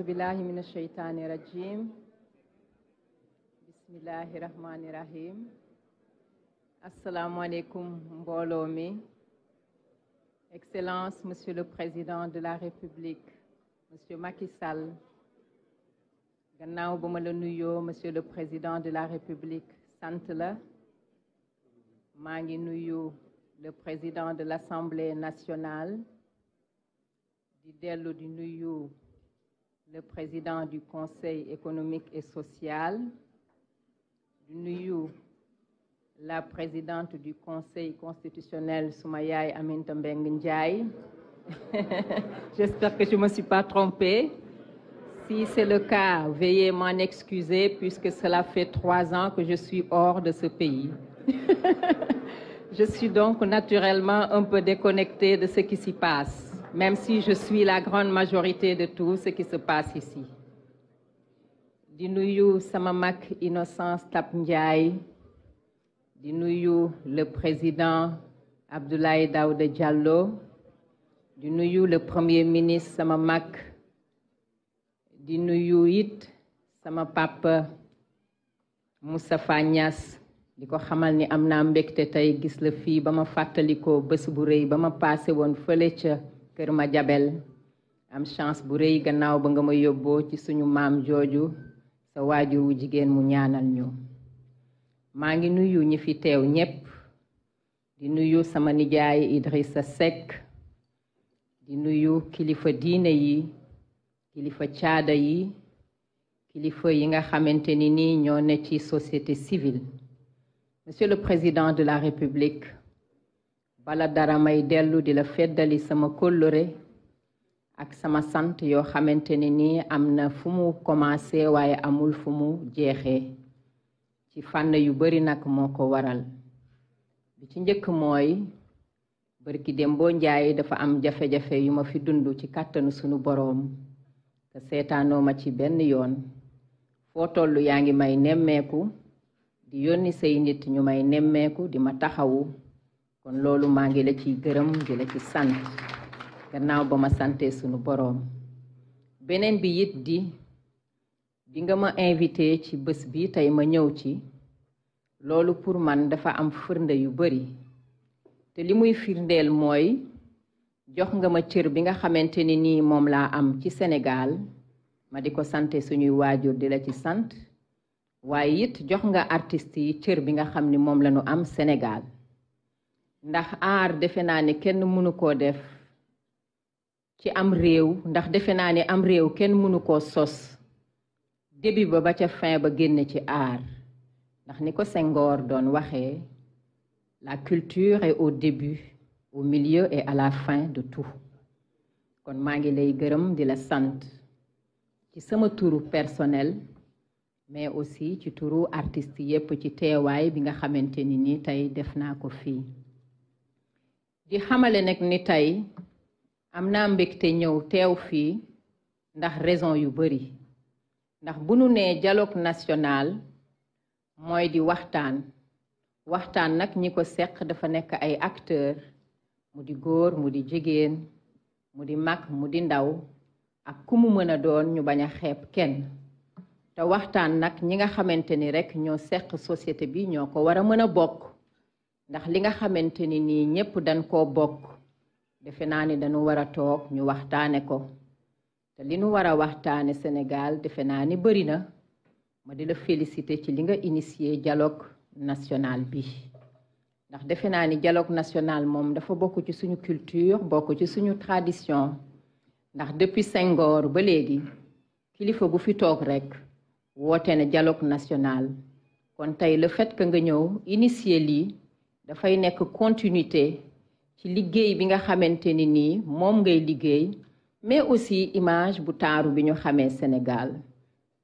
أعوذ بالله من الشيطان الرجيم بسم الله الرحمن الرحيم asalaamaaleykum mbooloo mi Excellence Monsieur le Président de la République Monsieur Macky Sall gannaaw ba ma la nuyoo Monsieur le Président de la République sant la maa ngi nuyu le Président de l'Assemblée nationale di dello di nuyu le président du conseil économique et social di nuyu la présidente du conseil constitutionnel suma yaay Aminata Mbengue Ndiaye j'espère que je me suis pas trompée si c'est le cas veuillez m'en excuser puisque cela fait trois ans que je suis hors de ce pays je suis donc naturellement un peu déconnectée de ce qui s'y passe même si je suis la grande majorité de tout ce qui se passe ici di nuyu sama mag Innocence Ntap Ndiaye di nuyu le président Abdoulaye Daouda Diallo di nuyu le premier ministre sama mag di nuyu it sama papa Moustapha Niass di ko xamal ni am naa mbégte tey gis la fii ba ma fàttali ko bés bu rëy ba ma paase woon fële ca kër ma jabel am chance bu rëy gannaaw ba nga ma yóbboo ci suñu maam jooju sa waajur wu jigéen mu ñaanal ñu maa ngi nuyu ñi fi teew ñépp di nuyu sama nijaay sa Seck di nuyu kilifa diine yi kilifa caada yi kilifa yi nga xamante ni nii ñoo ne ci société civile monsieur le président de la république bala dara may dellu di la feddali sama kóllëre ak sama sant yoo xamante ne nii am na fu mu commencé waaye amul fu mu jeexee ci fànn yu bari nag moo ko waral bi ci njëkk mooy bërki dem boo njaay dafa am jafe-jafe yu ma fi dund ci kàttanu sunu boroom te seetaanoo ma ci benn yoon foo toll yaa ngi may nemmeeku di yónni say nit ñu may nemmeeku di ma taxawu kon loolu maa ngi la ciy gërëm di la ci sant gannaaw ba ma sante sunu boroom beneen bi it di bi nga ma invité ci bés bi tey ma ñëw ci loolu pour man dafa am firnde yu bari te li muy firndeel mooy jox nga ma cër bi nga xamante ni nii moom laa am ci Sénégal ma di ko sante suñuy waajur di la ci sant waaye it jox nga artist yi cër bi nga xam ni moom lañu am Sénégal ndax aar defe naa ni kenn mënu koo def ci am réew ndax defe naa ni am réew kenn mënu koo sos début ba ba ca fin ba génne ci aar ndax ni ko Senghor doon waxee la culture est au début au milieu et à la fin de tout kon maa ngi lay gërëm di la sant ci sama turu personnel mais aussi ci turu artist yépp ci teewaay bi nga xamante ni nii tey def naa ko fii di xamale nag ni tey am na mbégte ñëw teew fii ndax raison yu bari ndax bu nu nee dialogue national mooy di waxtaan waxtaan nag ñi ko seq dafa nekk ay acteur mu di góor mu di jigéen mu di mag mu di ndaw ak ku mu mën a doon ñu bañ a xeeb kenn te waxtaan nag ñi nga xamante ni rek ñoo seq société bi ñoo ko war a mën a bokk ndax li nga xamante ni nii ñépp dañ koo bokk defe naa ni dañu war a toog ñu waxtaane ko te li nu war a waxtaane Sénégal defe naa ni bari na ma di la féliciter ci li nga initier dialogue national bi ndax defe naa ni dialogue national moom dafa bokk ci suñu culture bokk ci suñu tradition ndax depuis Senghor ba léegi kilifa gu fi toog rekk woote ne dialogue national kon tey le fait que nga ñëw initier lii dafay nekk continuité ci liggéey bi nga xamante ni nii moom ngay liggéey mais aussi image bu taaru bi ñu xamee Sénégal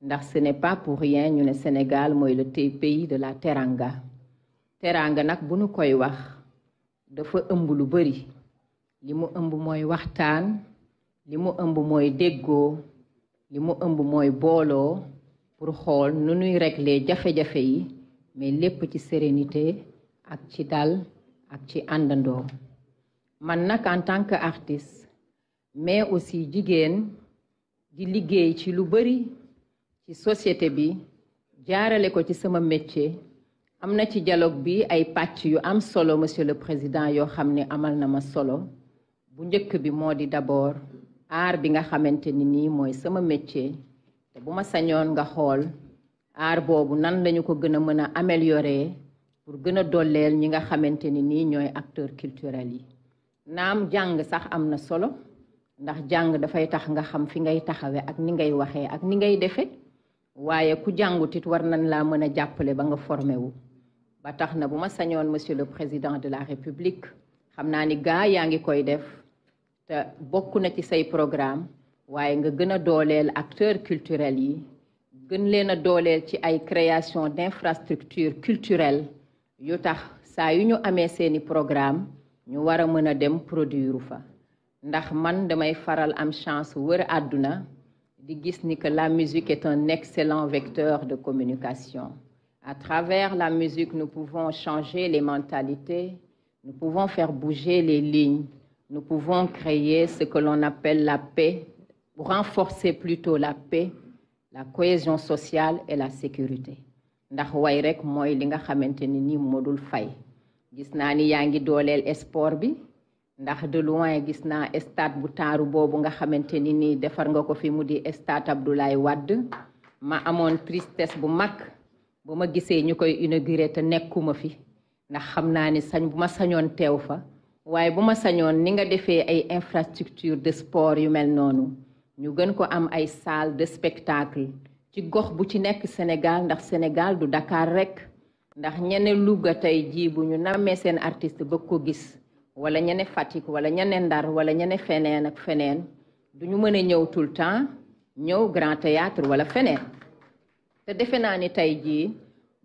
ndax ce n'est pas pour rien ñu ne Sénégal mooy le pays de la teranga teranga nag bu nu koy wax dafa ëmb lu bari li mu ëmb mooy waxtaan li mu ëmb mooy déggoo li mu ëmb mooy booloo pour xool nu nuy régler jafe-jafe yi mais lépp ci sérénité ak ci dal ak ci àndandoo man nag en que artiste mais aussi jigéen di liggéey ci lu bari ci société bi jaarale ko ci sama métier am na ci dialogue bi ay pàcc yu am solo monsieur le président yoo xam ni amal na ma solo bu njëkk bi moo di d'abord aar bi nga xamante ni nii mooy sama métier te bu ma sañoon nga xool aar boobu nan lañu ko gën a mën a améliorer pour gën a dolleel ñi nga xamante ni nii ñooy acteur culturels yi naam jàng sax am na solo ndax jàng dafay tax nga xam fi ngay taxawee ak ni ngay waxee ak ni ngay defee waaye ku jàngutit war nañ laa mën a jàppale ba nga formé wu ba tax na bu ma sañoon monsieur le président de la république xam naa ni gaa yaa ngi koy def te bokk na ci say programme waaye nga gën a dooleel acteur culturels yi gën leen a dooleel ci ay création d'infrastructures culturelles yu tax saa yu ñu amee seeni programme ñu war a mën a dem produire fa ndax man damay faral am chance wër àdduna di gis ni que la musique est un excellent vecteur de communication à travers la musique nous pouvons changer les mentalités nous pouvons faire bouger les lignes nous pouvons créer ce que l'on appelle la paix renforcer plutôt la paix la cohésion sociale et la sécurité ndax way rek mooy li nga xamante ni nii moo dul fay gis naa ni yaa ngi dooleel sport bi ndax de loin gis naa stade bu taaru boobu nga xamante ni nii defar nga ko fi mu di stade lay Wade ma amoon tristesse bu mag ba ma gisee ñu koy inauguré te nekkuma fi ndax xam naa ni sañ bu ma sañoon teew fa waaye bu ma sañoon ni nga defee ay infrastructure de sport yu mel noonu ñu gën ko am ay salle de spectacle ci gox bu ci nekk Sénégal ndax Sénégal du Dakar rek ndax ñene Louga tey jii bu ñu nammee seen artiste bëgg ko gis wala ñene Fatick wala ñene Ndar wala ñene feneen ak feneen du ñu mën a ñëw tout temps ñëw Grand Théâtre wala feneen te defe naa ni tey jii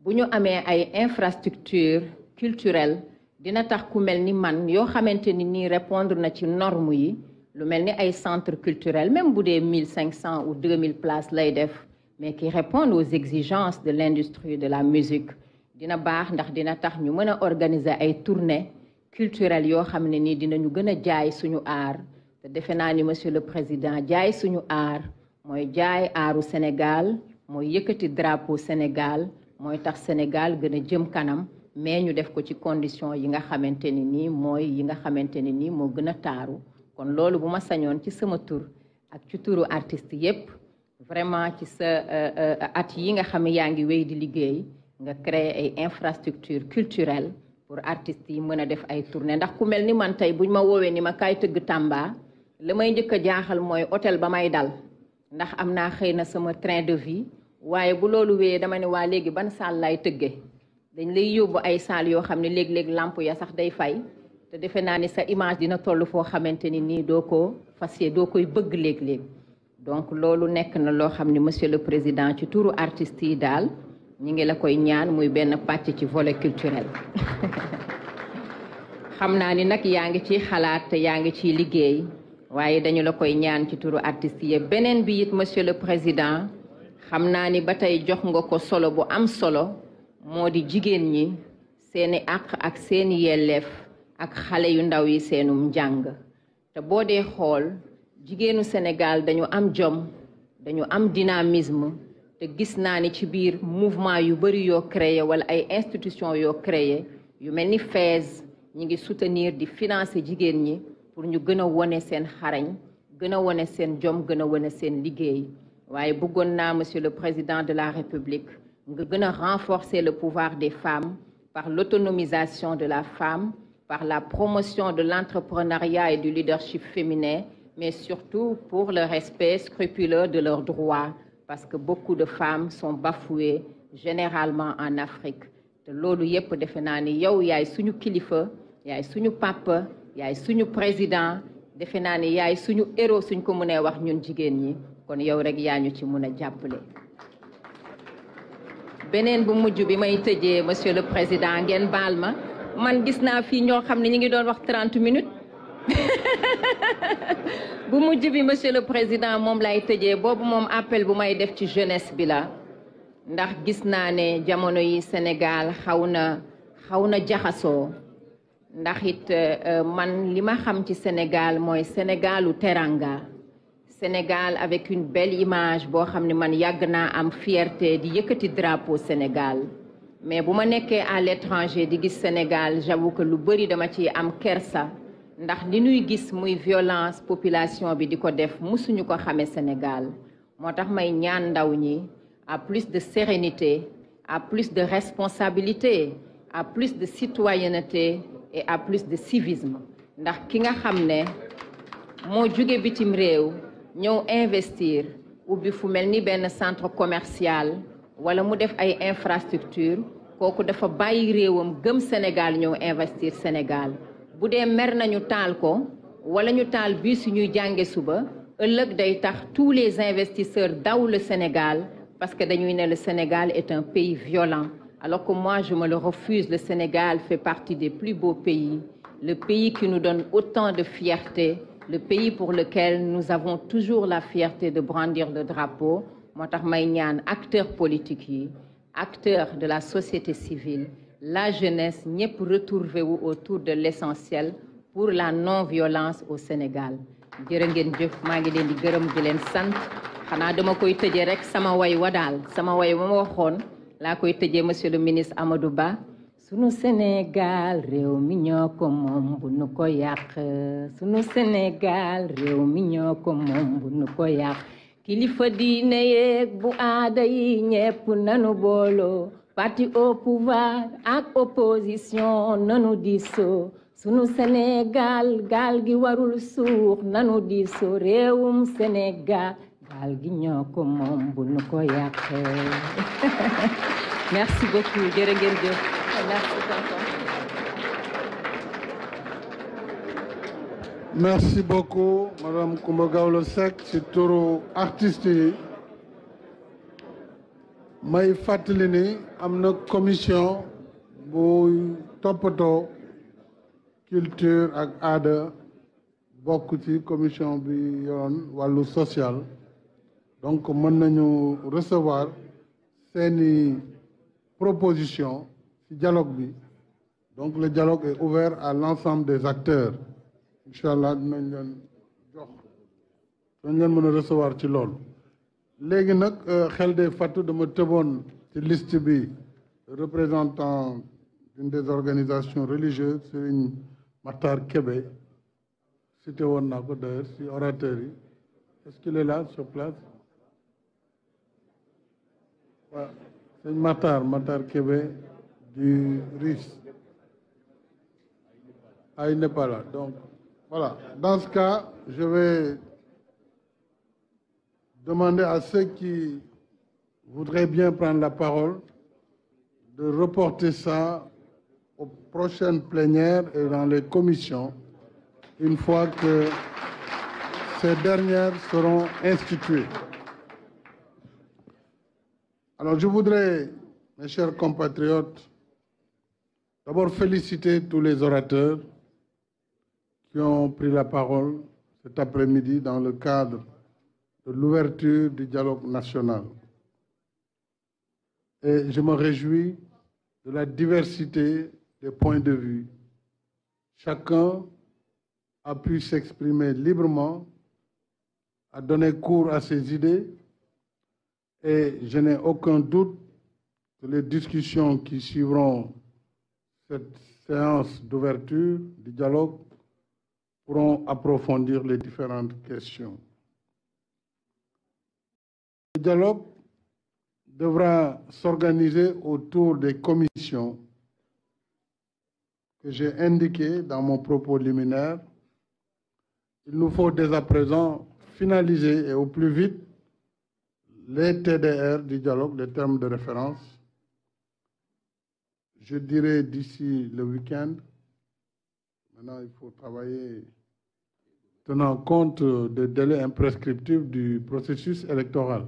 bu ñu amee ay infrastructure culturelle dina tax ku mel ni man yoo xamante ni nii répondre na ci norme yi lu mel ni ay centre culturel même bu dee mille cinq cent ou deux mille places lay def mais qui répondent aux exigences de l'industrie de la musique dina baax ndax dina tax ñu mën a organiser ay tournées culturelles yoo xam ne nii dinañu gën a jaay suñu aar te defe naa ni monsieur le président jaay suñu aar mooy jaay aaru Sénégal mooy yëkkati drapeau Sénégal mooy tax Sénégal gën a jëm kanam mais ñu def ko ci condition yi nga xamante ne nii mooy yi nga xamante ne nii moo gën a taaru kon loolu bu ma sañoon ci sama tour ak ci turu artiste yépp vraiment ci sa euh, euh, at yi nga xam ne yaa ngi wéy di liggéey nga créer ay infrastructure culturelle pour artistes yi mën a def ay tournée ndax ku mel ni man tey bu ñu ma woowee ni ma kay tëgg Tamba la may njëkk a jaaxal mooy hôtel ba may dal ndax am naa xëy na sama train de vie waaye bu loolu wéyee dama ne waa léegi ban salle lay tëggee dañ lay yóbbu ay salles yoo xam ne léeg-léeg làmp ya sax day fay te defe naa ne sa image dina toll foo xamante ni nii doo ko fas doo koy bëgg léeg donc loolu nekk na loo xam ni monsieur le président ci turu artist yi daal ñi ngi la koy ñaan muy benn pàcc ci volet culturel xam naa ni nag yaa ngi ciy xalaat te yaa ngi ciy liggéey waaye dañu la koy ñaan ci turu artist yi beneen bi it monsieur le président xam naa ni ba tey jox nga ko solo bu am solo moo di jigéen ñi seeni àq ak seeni yelleef ak xale yu ndaw yi seenum njàng te boo dee xool jigéenu Sénégal dañu am jom dañu am dynamisme te gis naa ni ci biir mouvement yu bëri yoo créé wala ay institution yoo créé yu mel ni FAISE ñi ngi soutenir di financer jigéen ñi pour ñu gën a wone seen xarañ gën a wone seen jom gën a wone seen liggéey waaye bëggoon naa monsieur le président de la république nga gën a renforcer le pouvoir des femmes par l'autonomisation de la femme par la promotion de l'entrepreneuriat et du leadership féminin mais surtout pour le respect scrupuleux de leurs droits parce que beaucoup de femmes sont bafouées généralement en Afrique te loolu yépp defe naa ni yow yaay suñu kilifa yaay suñu papa yaay suñu président defe naa ni yaay suñu héros suñ ko mënee wax ñun jigéen ñi kon yow rek yaa ñu ci mën a jàppale. beneen bu mujj bi may tëjee monsieur le président ngeen baal ma man gis naa fii ñoo xam ne ñu ngi doon wax 30 minutes. bu mujj bi monsieur le président moom lay tëjee boobu moom appel bu may def ci jeunesse bi la ndax gis naa ne jamono yi Sénégal xaw na xaw na jaxasoo ndax it euh, euh, man li ma xam ci Sénégal mooy Sénégalu teranga Sénégal avec une belle image boo xam ne man yàgg naa am fierte di yëkkati drapeau Sénégal mais bu ma nekkee à l'étranger di gis Sénégal j'avoue lu bari dama ci am kersa ndax li nuy gis muy violence population bi di ko def musuñu ko xamee Sénégal moo tax may ñaan ndaw ñi à plus de sérénité à plus de responsabilité à plus de citoyenneté et à plus de civisme ndax ki nga xam ne moo jóge bitim réew ñëw investir ubbi fu mel ni benn centre commercial wala mu def ay infrastructure kooku dafa bàyyi réewam gëm Sénégal ñëw investir Sénégal bu dee mer nañu taal ko wala ñu taal bus ñuy jànge suba ëllëg day tax tous les investisseurs daw le Sénégal parce que dañuy ne le Sénégal est un pays violent alors que moi je me le refuse le Sénégal fait partie des plus beaux pays le pays qui nous donne autant de fierté le pays pour lequel nous avons toujours la fierté de brandir le drapeau moo tax may ñaan acteurs politiques yi acteurs de la société civile la jeunesse ñëpp retrouver wu autour de l'essentiel pour la non-violence au Sénégal jërë ngeen jëf maa ngi leen di gërëm gi leen sant xanaa dama koy tëjee rek sama woy wa daal sama way wa ma waxoon laa koy tëjee monsieur le ministre Amadou Ba sunu Sénégal réew mi ñoo ko moom bu nu ko yàq sunu Sénégal réew mi ñoo ko moom bu kilifa diine yeeg bu aada yi ñepp nanu booloo parti au pouvoir ak opposition nanu diisoo sunu Sénégal gaal gi warul suux nanu diisoo réewum Sénégal gaal gi ñoo ko moom bu nu ko yàqee. merci beaucoup jërë ngeen jëf merci tonton. merci beaucoup madame Coumba Gawlo Seck ci turu artiste yi. may fàttali ni am na commission bu toppatoo culture ak aada bokk ci commission bi yoon wàllu social donc mën nañu recevoir seeni proposition ci dialogue bi donc le dialogue est ouvert à l'ensemble des acteurs incha allah nañ leen jox dinañ leen mën a recevoir ci lool léegi nag euh, xel de fàttu dama tëboon ci liste bi représentant d'une des organisations religieuses Serigne Matar Kébé cité woon naa ko der si orateur yi est-ce qu'il est là sur place waaw sëñ Matar Matar Kébé du RIS ah il n'est pas là donc voilà dans ce cas je vais demander à ceux qui voudraient bien prendre la parole de reporter ça aux prochaines plénières et dans les commissions, une fois que ces dernières seront instituées. Alors je voudrais, mes chers compatriotes, d'abord féliciter tous les orateurs qui ont pris la parole cet après-midi dans le cadre de l'ouverture du dialogue national. Et je me réjouis de la diversité des points de vue. Chacun a pu s'exprimer librement, à donné cours à ses idées et je n'ai aucun doute que les discussions qui suivront cette séance d'ouverture du dialogue pourront approfondir les différentes questions. Le dialogue devra s'organiser autour des commissions que j'ai indiquées dans mon propos liminaire. Il nous faut dès à présent finaliser et au plus vite les TDR du dialogue, les termes de référence. Je dirais d'ici le week-end. Maintenant, il faut travailler tenant compte des délais imprescriptibles du processus électoral.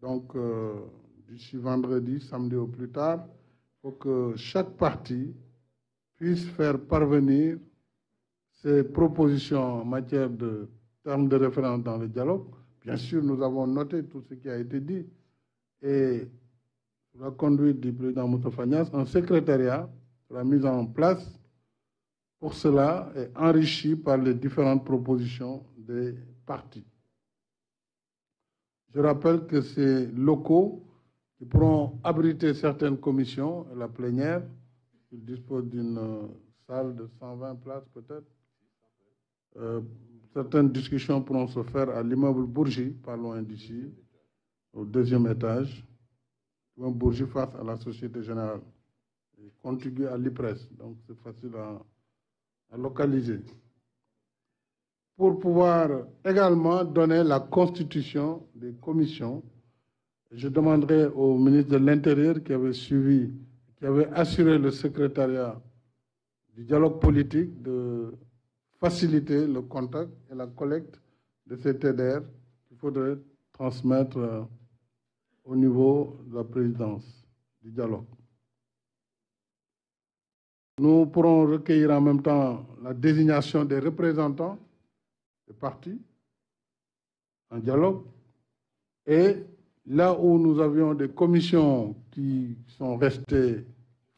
Donc, euh, d'ici vendredi, samedi au plus tard, il faut que chaque parti puisse faire parvenir ses propositions en matière de termes de référence dans le dialogue. Bien sûr, nous avons noté tout ce qui a été dit et sous la conduite du président Moutafanias, un secrétariat sera mis en place pour cela et enrichi par les différentes propositions des partis. Je rappelle que ces locaux qui pourront abriter certaines commissions, la plénière, ils disposent d'une euh, salle de 120 places peut-être. Euh, certaines discussions pourront se faire à l'immeuble Bourgie, par loin d'ici, au deuxième étage, un Bourgie face à la Société Générale, et contigu à l'IPRES, donc c'est facile à, à localiser. pour pouvoir également donner la constitution des commissions. Je demanderai au ministre de l'Intérieur qui avait suivi, qui avait assuré le secrétariat du dialogue politique de faciliter le contact et la collecte de ces TDR qu'il faudrait transmettre euh, au niveau de la présidence du dialogue. Nous pourrons recueillir en même temps la désignation des représentants les partie un dialogue. Et là où nous avions des commissions qui sont restées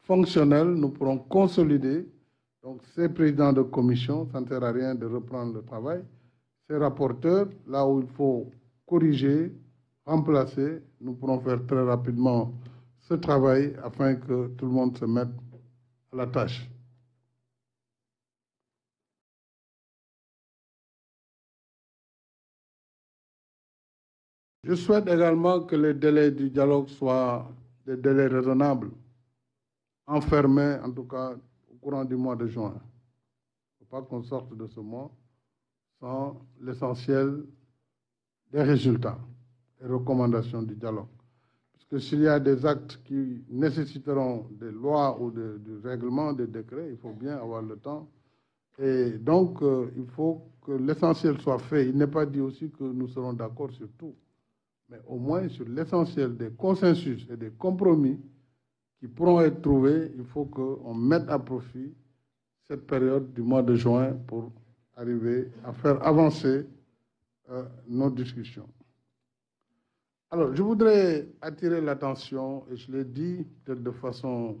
fonctionnelles, nous pourrons consolider. Donc, ces présidents de commission, ça ne sert à rien de reprendre le travail. Ces rapporteurs, là où il faut corriger, remplacer, nous pourrons faire très rapidement ce travail afin que tout le monde se mette à la tâche. Je souhaite également que les délais du dialogue soient des délais raisonnables, enfermés en tout cas au courant du mois de juin. Il ne faut pas qu'on sorte de ce mois sans l'essentiel des résultats et recommandations du dialogue. Parce que s'il y a des actes qui nécessiteront des lois ou des de règlements, des décrets, il faut bien avoir le temps. Et donc, euh, il faut que l'essentiel soit fait. Il n'est pas dit aussi que nous serons d'accord sur tout. mais au moins sur l'essentiel des consensus et des compromis qui pourront être trouvés, il faut qu'on mette à profit cette période du mois de juin pour arriver à faire avancer euh, nos discussions. Alors, je voudrais attirer l'attention, et je l'ai dit de façon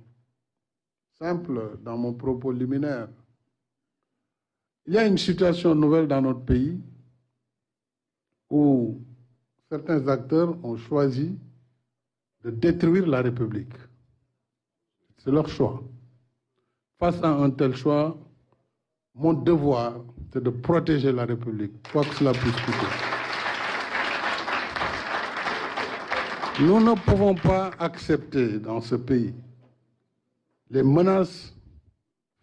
simple dans mon propos liminaire. Il y a une situation nouvelle dans notre pays certains acteurs ont choisi de détruire la République. C'est leur choix. Face à un tel choix, mon devoir, c'est de protéger la République, quoi que cela puisse coûter. Nous ne pouvons pas accepter dans ce pays les menaces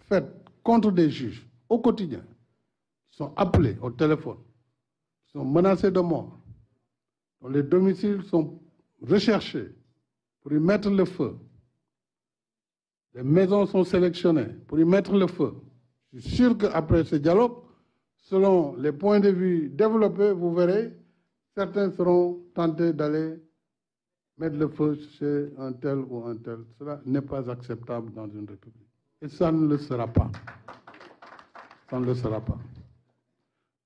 faites contre des juges au quotidien, qui sont appelés au téléphone, qui sont menacés de mort, dont les domiciles sont recherchés pour y mettre le feu. Les maisons sont sélectionnées pour y mettre le feu. Je suis sûr qu'après ce dialogue, selon les points de vue développés, vous verrez, certains seront tentés d'aller mettre le feu chez un tel ou un tel. Cela n'est pas acceptable dans une république. Et ça le sera ne le sera pas.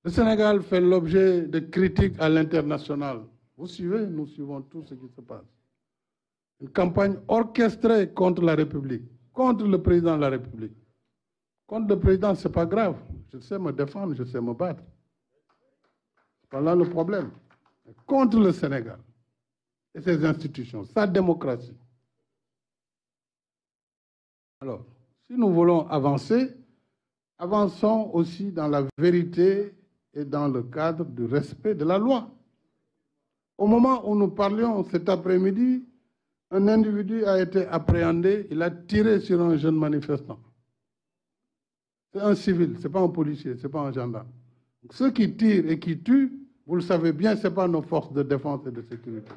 Le Sénégal fait l'objet de critiques à l'international Vous suivez, nous suivons tout ce qui se passe. Une campagne orchestrée contre la République, contre le président de la République. Contre le président, ce n'est pas grave. Je sais me défendre, je sais me battre. C'est le problème. contre le Sénégal et ses institutions, sa démocratie. Alors, si nous voulons avancer, avançons aussi dans la vérité et dans le cadre du respect de la loi. Au moment où nous parlions cet après-midi, un individu a été appréhendé, il a tiré sur un jeune manifestant. C'est un civil, ce n'est pas un policier, ce n'est pas un gendarme. Ceux qui tirent et qui tuent, vous le savez bien, ce n'est pas nos forces de défense et de sécurité.